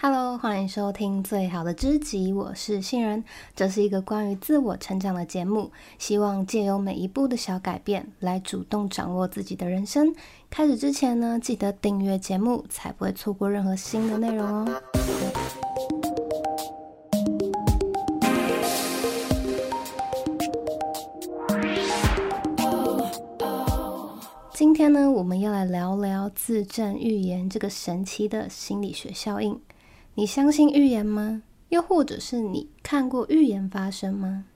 Hello，歡迎收聽《最好的知己》，我是杏仁，這是一個關於自我成長的節目，希望借由每一步的小改變，來主動掌握自己的人生。開始之前呢，記得訂閱節目，才不會錯過任何新的內容哦。Oh, oh. 今天呢，我們要來聊聊自證預言這個神奇的心理學效應。你相信預言嗎？又或者是你看過預言發生嗎？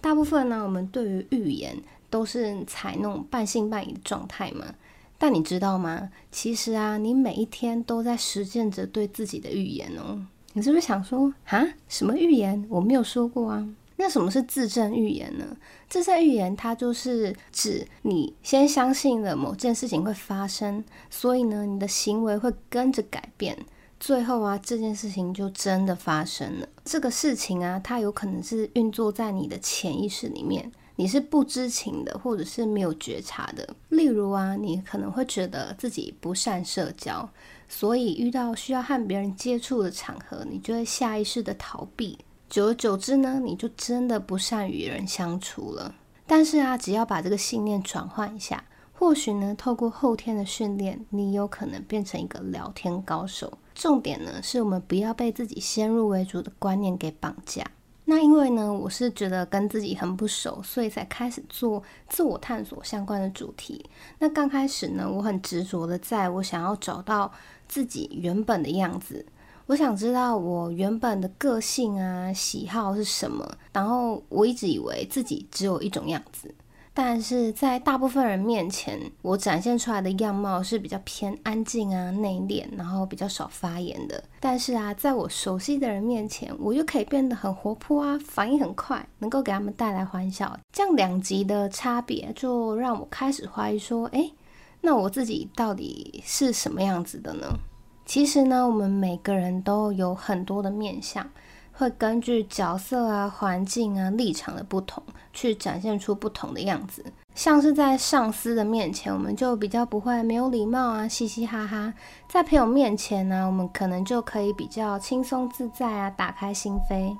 大部分呢，我們對於預言都是採那種半信半疑的狀態嘛。但你知道嗎？其實啊，你每一天都在實踐着對自己的預言哦。你是不是想說啊？什麼預言？我沒有說過啊。那什麼是自證預言呢？自證預言它就是指你先相信了某件事情會發生，所以呢，你的行為會跟着改變。最後啊，這件事情就真的發生了。這個事情啊，它有可能是運作在你的潛意識裡面，你是不知情的，或者是沒有覺察的。例如啊，你可能會覺得自己不善社交，所以遇到需要和別人接觸的場合，你就會下意識的逃避。久而久之呢，你就真的不善與人相處了。但是啊，只要把這個信念轉換一下。或許呢，透過後天的訓練，你有可能變成一個聊天高手。重點呢，是我們不要被自己先入為主的觀念給綁架。那因為呢，我是覺得跟自己很不熟，所以才開始做自我探索相關的主題。那剛開始呢，我很執著地在我想要找到自己原本的樣子。我想知道我原本的個性啊、喜好是什麼，然後我一直以為自己只有一種樣子。但是在大部分人面前，我展現出來的樣貌是比較偏安靜啊、內斂，然後比較少發言的。但是啊，在我熟悉的人面前，我又可以變得很活潑啊，反應很快，能夠給他們帶來歡笑。這樣兩極的差別，就讓我開始懷疑說：哎，那我自己到底是什麼樣子的呢？其實呢，我們每個人都有很多的面向。會根據角色啊、環境啊、立場的不同，去展現出不同的樣子。像是在上司的面前，我們就比較不會沒有禮貌啊，嘻嘻哈哈；在朋友面前呢啊，我們可能就可以比較輕鬆自在啊，打開心扉。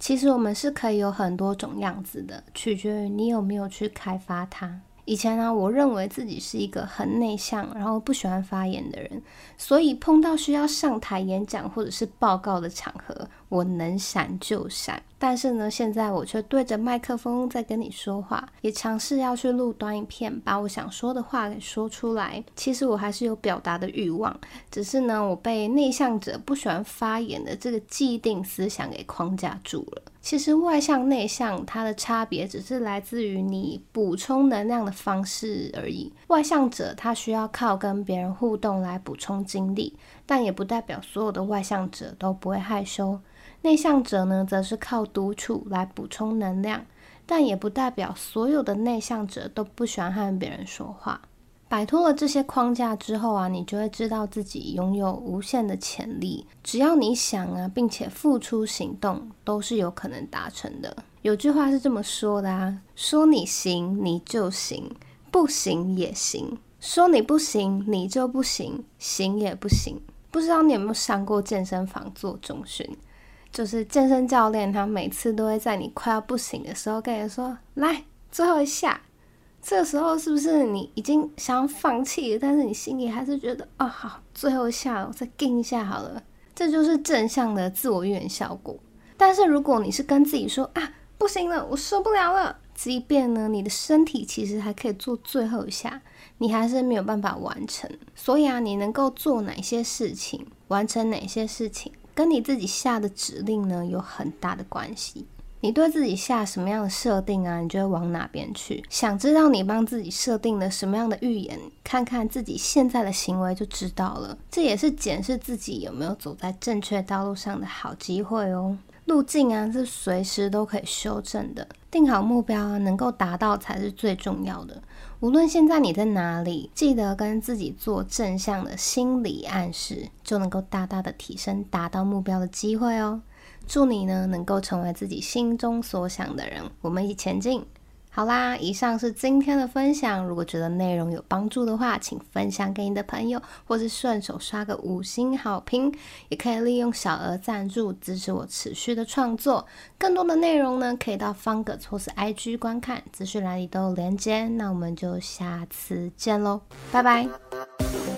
其實我們是可以有很多種樣子的，取決於你有沒有去開發它。以前呢、啊，我認為自己是一個很內向，然後不喜歡發言的人，所以碰到需要上台演講或者是報告的場合，我能閃就閃。但是呢，現在我卻對着麥克風在跟你說話，也嘗試要去錄短影片，把我想說的話給說出來。其實我還是有表達的慾望，只是呢，我被內向者不喜歡發言的這個既定思想給框架住了。其實外向內向它的差別只是來自於你補充能量的方式而已。外向者他需要靠跟別人互動來補充精力，但也不代表所有的外向者都不會害羞。內向者呢，則是靠獨處來補充能量，但也不代表所有的內向者都不喜歡和別人說話。擺脫了這些框架之後啊，你就會知道自己擁有無限的潛力。只要你想啊，並且付出行動，都是有可能達成的。有句話是這麼說的啊：說你行，你就行；不行也行；說你不行，你就不行；行也不行。不知道你有沒有上過健身房做重訓？就是健身教練他每次都會在你快要不行的時候跟你說：“來，最後一下。”這個時候是不是你已經想要放棄了？但是你心裡還是覺得，啊、哦，好，最後一下，我再頂一下好了。這就是正向的自我預言效果。但是如果你是跟自己說啊，不行了，我受不了了，即便呢你的身體其實還可以做最後一下，你還是沒有辦法完成。所以啊，你能夠做哪些事情，完成哪些事情，跟你自己下的指令呢有很大的關係。你對自己下什麼樣的設定啊？你就會往哪邊去。想知道你幫自己設定了什麼樣的預言，看看自己現在的行為就知道了。這也是檢視自己有沒有走在正確道路上的好機會哦。路徑啊，是隨時都可以修正的。定好目標啊，能夠達到才是最重要的。無論現在你在哪裡，記得跟自己做正向的心理暗示，就能夠大大的提升達到目標的機會哦。祝你呢能夠成為自己心中所想的人，我們一起前進。好啦，以上是今天的分享。如果覺得內容有幫助的話，請分享給你的朋友，或是順手刷個五星好評，也可以利用小額贊助支持我持續的創作。更多的內容呢，可以到方格子或是 IG 觀看，資訊欄裡都有連結。那我們就下次見嘍，拜拜。